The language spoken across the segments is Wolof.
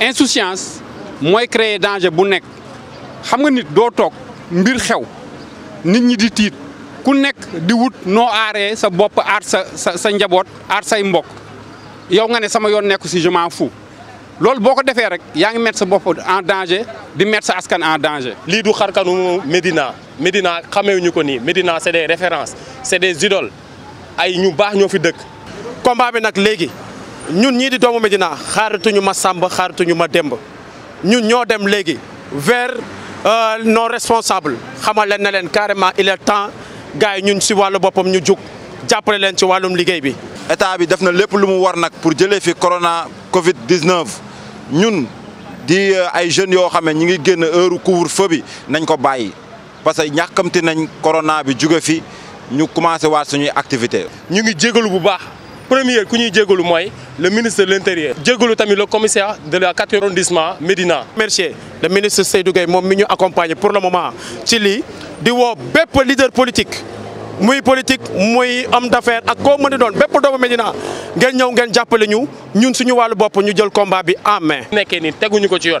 insouciance moy créer danger bu nek xam nga nit do tok mbir xew nit ñi di tit ku nek di wut sa bop sa sa say je m'en fous sa bop en danger di sa askan en danger. Li du xarkanu Medina. Medina. kame ko ni c'est des références c'est des idoles ay ñu bax combat bi ñun ñii di doomu Médina xaaratuñu ma Samba xaaratuñu ma Demb ñun ñoo dem léegi vers euh, nos responsables xamal leen ne leen carrément il est temps gars yi ñun si wàllu boppam ñu jug jàppale leen ci wàllum liggéey bi. état bi def na lépp lu mu war nag pour jëlee fi corona Covid 19 ñun di euh, ay jeunes yoo xam ne ñu ngi génn heure couvre-feu bi nañ ko bàyyi parce que ñàkkamti nañ corona bi juge fi ñu commencé waat suñuy activité ñu ngi jégalu bu baax. premier ku ñuy jégalu mooy le ministre de l' intérieur. jégalu tamit le commissaire de la 4e arrondissement Médina. remercier le ministre Seydou Gueye moom mi ñu accompagner pour le moment ci lii di woo bépp leader politique muy politique muy homme d'affaires ak koo mën a doon bépp doomu Médina ngeen ñëw ngeen jàppale ñu ñun suñu wàllu bopp ñu jël combat bi en main. nekkee ni teguñu ko ci yoon.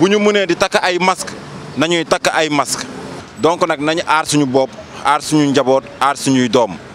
bu ñu mënee di takk ay masque nañuy takk ay masque donc nag nañu aar suñu bopp aar suñu njaboot aar suñuy doom